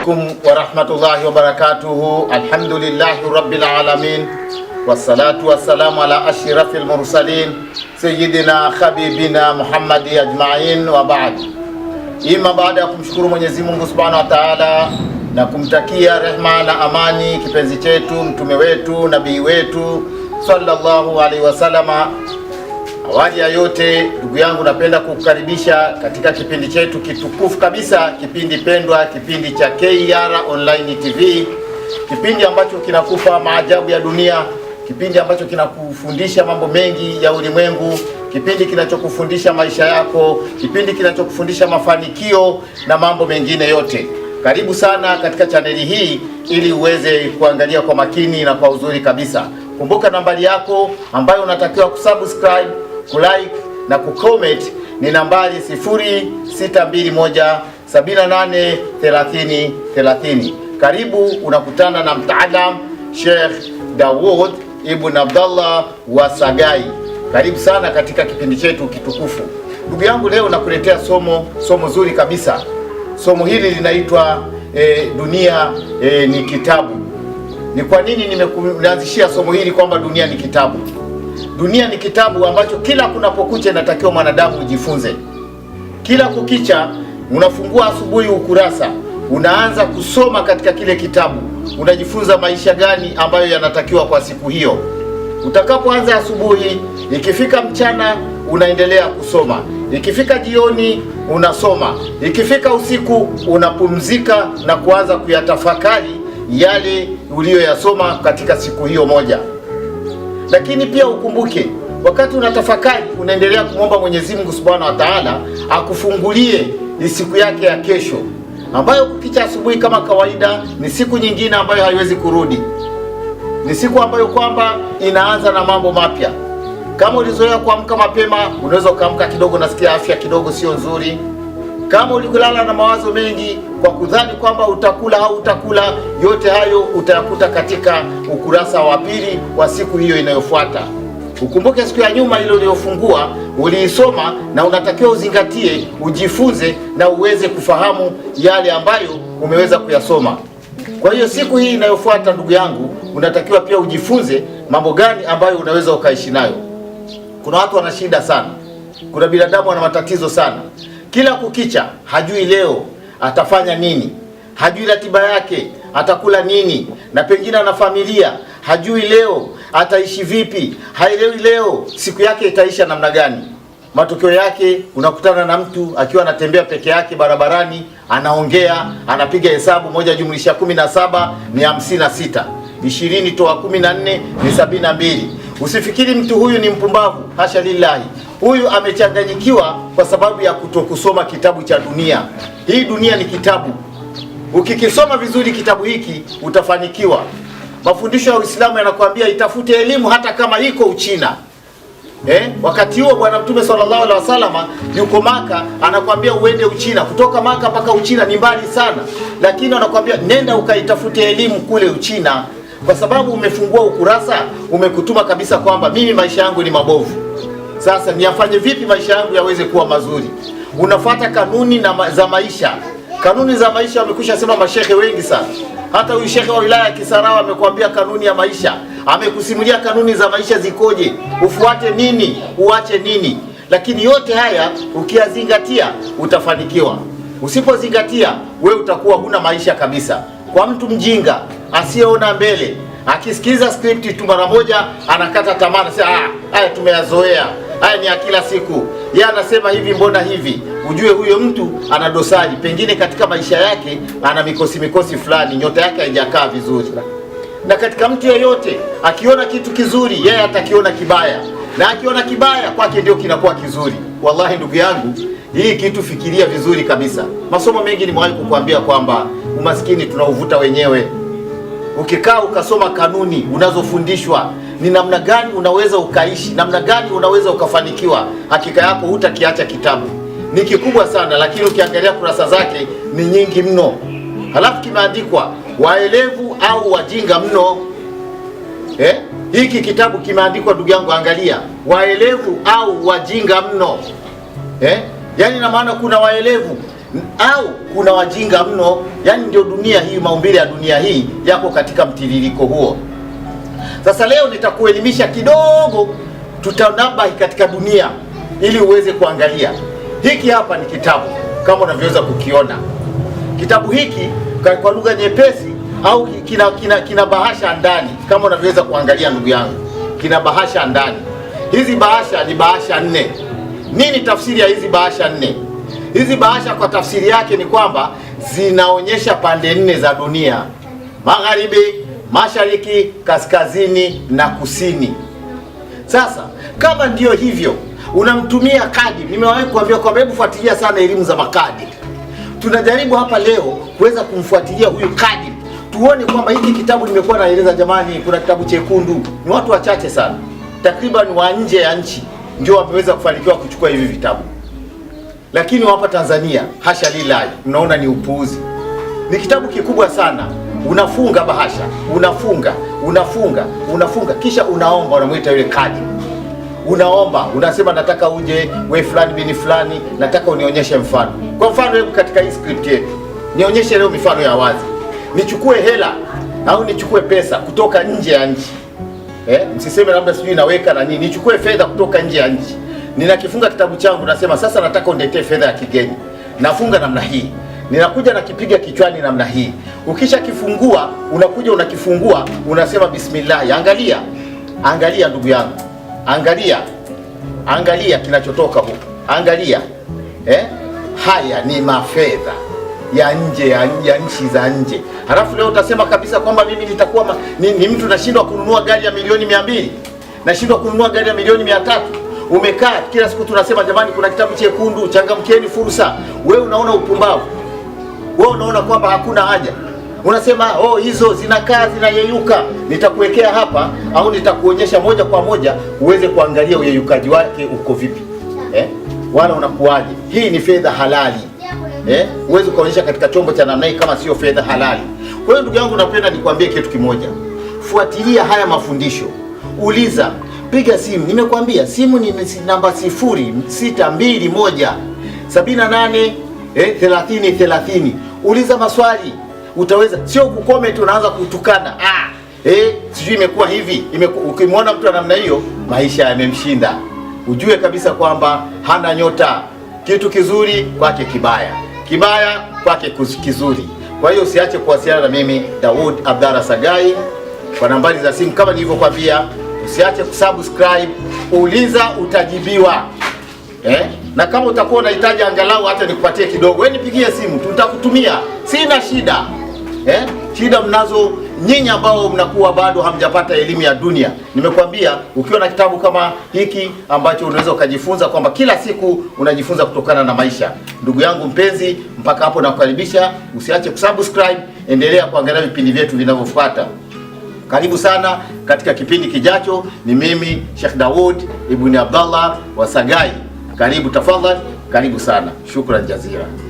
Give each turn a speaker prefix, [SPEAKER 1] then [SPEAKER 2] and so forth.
[SPEAKER 1] alaikum warahmatullahi wabarakatuhu. Alhamdulillahi rabbil alamin wassalatu wassalamu ala ashrafil mursalin sayyidina khabibina Muhammadi ajmain wa baad. Ima baada ya kumshukuru Mwenyezi Mungu subhanahu wa taala na kumtakia rehma na amani kipenzi chetu mtume wetu nabii wetu sallallahu alaihi wasallama Awali ya yote, ndugu yangu, napenda kukukaribisha katika kipindi chetu kitukufu kabisa, kipindi pendwa, kipindi cha KR Online TV, kipindi ambacho kinakupa maajabu ya dunia, kipindi ambacho kinakufundisha mambo mengi ya ulimwengu, kipindi kinachokufundisha maisha yako, kipindi kinachokufundisha mafanikio na mambo mengine yote. Karibu sana katika chaneli hii ili uweze kuangalia kwa makini na kwa uzuri kabisa. Kumbuka nambari yako ambayo unatakiwa kusubscribe kulike na kucomment ni nambari 0621783030. Karibu unakutana na mtaalam Sheikh Dawood Ibn Abdallah wa Sagai. Karibu sana katika kipindi chetu kitukufu. Ndugu yangu, leo nakuletea somo somo zuri kabisa. Somo hili linaitwa e, dunia e, ni kitabu. Ni kwa nini nimeanzishia somo hili kwamba dunia ni kitabu? Dunia ni kitabu ambacho kila kunapokucha inatakiwa mwanadamu ujifunze. Kila kukicha unafungua asubuhi ukurasa, unaanza kusoma katika kile kitabu, unajifunza maisha gani ambayo yanatakiwa kwa siku hiyo. Utakapoanza asubuhi, ikifika mchana unaendelea kusoma, ikifika jioni unasoma, ikifika usiku unapumzika na kuanza kuyatafakari yale uliyoyasoma katika siku hiyo moja. Lakini pia ukumbuke wakati unatafakari, unaendelea kumwomba Mwenyezi Mungu Subhanahu wa Ta'ala akufungulie ni siku yake ya kesho, ambayo kukicha asubuhi kama kawaida ni siku nyingine ambayo haiwezi kurudi, ni siku ambayo kwamba inaanza na mambo mapya. Kama ulizoea kuamka mapema, unaweza ukaamka kidogo, nasikia afya kidogo sio nzuri kama ulikulala na mawazo mengi kwa kudhani kwamba utakula au utakula, yote hayo utayakuta katika ukurasa wa pili wa siku hiyo inayofuata. Ukumbuke siku ya nyuma ile uliyofungua uliisoma, na unatakiwa uzingatie, ujifunze na uweze kufahamu yale ambayo umeweza kuyasoma. Kwa hiyo siku hii inayofuata, ndugu yangu, unatakiwa pia ujifunze mambo gani ambayo unaweza ukaishi nayo. Kuna watu wana shida sana, kuna binadamu wana matatizo sana kila kukicha hajui leo atafanya nini, hajui ratiba yake atakula nini, na pengine ana familia, hajui leo ataishi vipi, haelewi leo siku yake itaisha namna gani. Matokeo yake unakutana na mtu akiwa anatembea peke yake barabarani, anaongea, anapiga hesabu moja jumlisha kumi na saba ni hamsini na sita, ishirini toa kumi na nne ni sabini na mbili. Usifikiri mtu huyu ni mpumbavu, hasha lillahi. Huyu amechanganyikiwa kwa sababu ya kutokusoma kitabu cha dunia. Hii dunia ni kitabu, ukikisoma vizuri kitabu hiki utafanikiwa. Mafundisho ya Uislamu yanakuambia itafute elimu hata kama iko Uchina. Eh, wakati huo Bwana Mtume sallallahu alaihi wasallam yuko Maka, anakwambia uende Uchina. Kutoka Maka mpaka Uchina ni mbali sana, lakini anakuambia nenda ukaitafute elimu kule Uchina kwa sababu umefungua ukurasa, umekutuma kabisa kwamba mimi maisha yangu ni mabovu. Sasa niyafanye vipi maisha yangu yaweze kuwa mazuri? Unafuata kanuni na ma za maisha. Kanuni za maisha wamekusha sema mashehe wengi sana. Hata huyu shehe wa wilaya ya Kisarawa amekuambia kanuni ya maisha, amekusimulia kanuni za maisha zikoje, ufuate nini, uache nini. Lakini yote haya ukiyazingatia utafanikiwa, usipozingatia we utakuwa huna maisha kabisa. Kwa mtu mjinga asiyeona mbele, akisikiza script tu mara moja anakata tamaa, anasema ah, haya tumeyazoea, haya ni ya kila siku, yeye anasema hivi, mbona hivi. Ujue huyo mtu ana dosari, pengine katika maisha yake ana mikosi mikosi fulani, nyota yake haijakaa vizuri. Na katika mtu yeyote akiona kitu kizuri, yeye atakiona kibaya, na akiona kibaya kwake ndio kinakuwa kizuri. Wallahi ndugu yangu, hii kitu fikiria vizuri kabisa. Masomo mengi nimewahi kukuambia kwamba umaskini tunauvuta wenyewe ukikaa ukasoma kanuni unazofundishwa ni namna gani unaweza ukaishi, namna gani unaweza ukafanikiwa, hakika yako hutakiacha kitabu. Ni kikubwa sana, lakini ukiangalia kurasa zake ni nyingi mno, halafu kimeandikwa waelevu au wajinga mno eh? Hiki kitabu kimeandikwa, ndugu yangu, angalia, waelevu au wajinga mno eh? Yaani na maana kuna waelevu au kuna wajinga mno. Yani ndio dunia hii, maumbile ya dunia hii yako katika mtiririko huo. Sasa leo nitakuelimisha kidogo, tutanabahi katika dunia ili uweze kuangalia. Hiki hapa ni kitabu kama unavyoweza kukiona. Kitabu hiki kwa lugha nyepesi au kina, kina, kina bahasha ndani kama unavyoweza kuangalia, ndugu yangu, kina bahasha ndani. Hizi bahasha ni bahasha nne. Nini tafsiri ya hizi bahasha nne? Hizi bahasha kwa tafsiri yake ni kwamba zinaonyesha pande nne za dunia: magharibi, mashariki, kaskazini na kusini. Sasa kama ndiyo hivyo, unamtumia kadi. Nimewahi kuambia kwamba hebu fuatilia sana elimu za makadi. Tunajaribu hapa leo kuweza kumfuatilia huyu kadi, tuone kwamba hiki kitabu nimekuwa naeleza, jamani, kuna kitabu chekundu. Ni watu wachache sana, takriban wa nje ya nchi ndio wameweza kufanikiwa kuchukua hivi vitabu lakini hapa Tanzania hasha lilai, mnaona ni upuuzi. Ni kitabu kikubwa sana, unafunga bahasha, unafunga unafunga unafunga, kisha unaomba, unamwita yule kadi, unaomba unasema, nataka uje we fulani bini fulani, nataka unionyeshe mfano. Kwa mfano, hebu katika hii script yetu nionyeshe leo mifano ya wazi, nichukue hela au nichukue pesa kutoka nje ya nchi eh? Msiseme labda sijui naweka na nini, nichukue fedha kutoka nje ya nchi ninakifunga kitabu changu, nasema sasa nataka uniletee fedha ya kigeni. Nafunga namna hii, ninakuja nakipiga kichwani namna hii. Ukishakifungua unakuja unakifungua, unasema bismillah. Angalia, angalia ndugu yangu, angalia, angalia kinachotoka huko, angalia eh? Haya ni mafedha ya nje ya, ya nchi za nje. Halafu leo utasema kabisa kwamba mimi nitakuwa ni, ni mtu nashindwa kununua gari ya milioni mia mbili nashindwa kununua gari ya milioni mia tatu umekaa kila siku tunasema jamani, kuna kitabu chekundu, changamkeni fursa. Wewe unaona upumbavu, wewe unaona kwamba hakuna haja, unasema oh, hizo zinakaa zinayeyuka. Nitakuwekea hapa au nitakuonyesha moja kwa moja uweze kuangalia uyeyukaji wake uko vipi eh? Wala unakuaje? Hii ni fedha halali eh? Uweze kuonyesha katika chombo cha namna hii kama sio fedha halali. Kwa hiyo ndugu yangu, napenda nikwambie kitu kimoja, fuatilia haya mafundisho, uliza piga simu, nimekuambia simu ni namba sifuri sita eh, 30 30. Uliza maswali utaweza, sio kucomment unaanza kutukana ah, eh, sijui imekuwa hivi. Ukimwona mtu wa namna hiyo, maisha yamemshinda, ujue kabisa kwamba hana nyota. Kitu kizuri kwake kibaya, kibaya kwake kizuri. Kwa hiyo usiache kuwasiliana na mimi Daud Abdalla Sagai kwa nambari za simu kama nilivyokuambia usiache kusubscribe, uliza utajibiwa eh? na kama utakuwa unahitaji angalau hata nikupatie kidogo, wewe nipigie simu, tutakutumia, sina shida eh? shida mnazo nyinyi ambao mnakuwa bado hamjapata elimu ya dunia. Nimekwambia, ukiwa na kitabu kama hiki ambacho unaweza ukajifunza kwamba kila siku unajifunza kutokana na maisha. Ndugu yangu mpenzi, mpaka hapo nakukaribisha, usiache kusubscribe, endelea kuangalia vipindi vyetu vinavyofuata. Karibu sana katika kipindi kijacho. Ni mimi Sheikh daud Ibn Abdallah wa Sagai. Karibu tafadhali, karibu sana. Shukran jazira.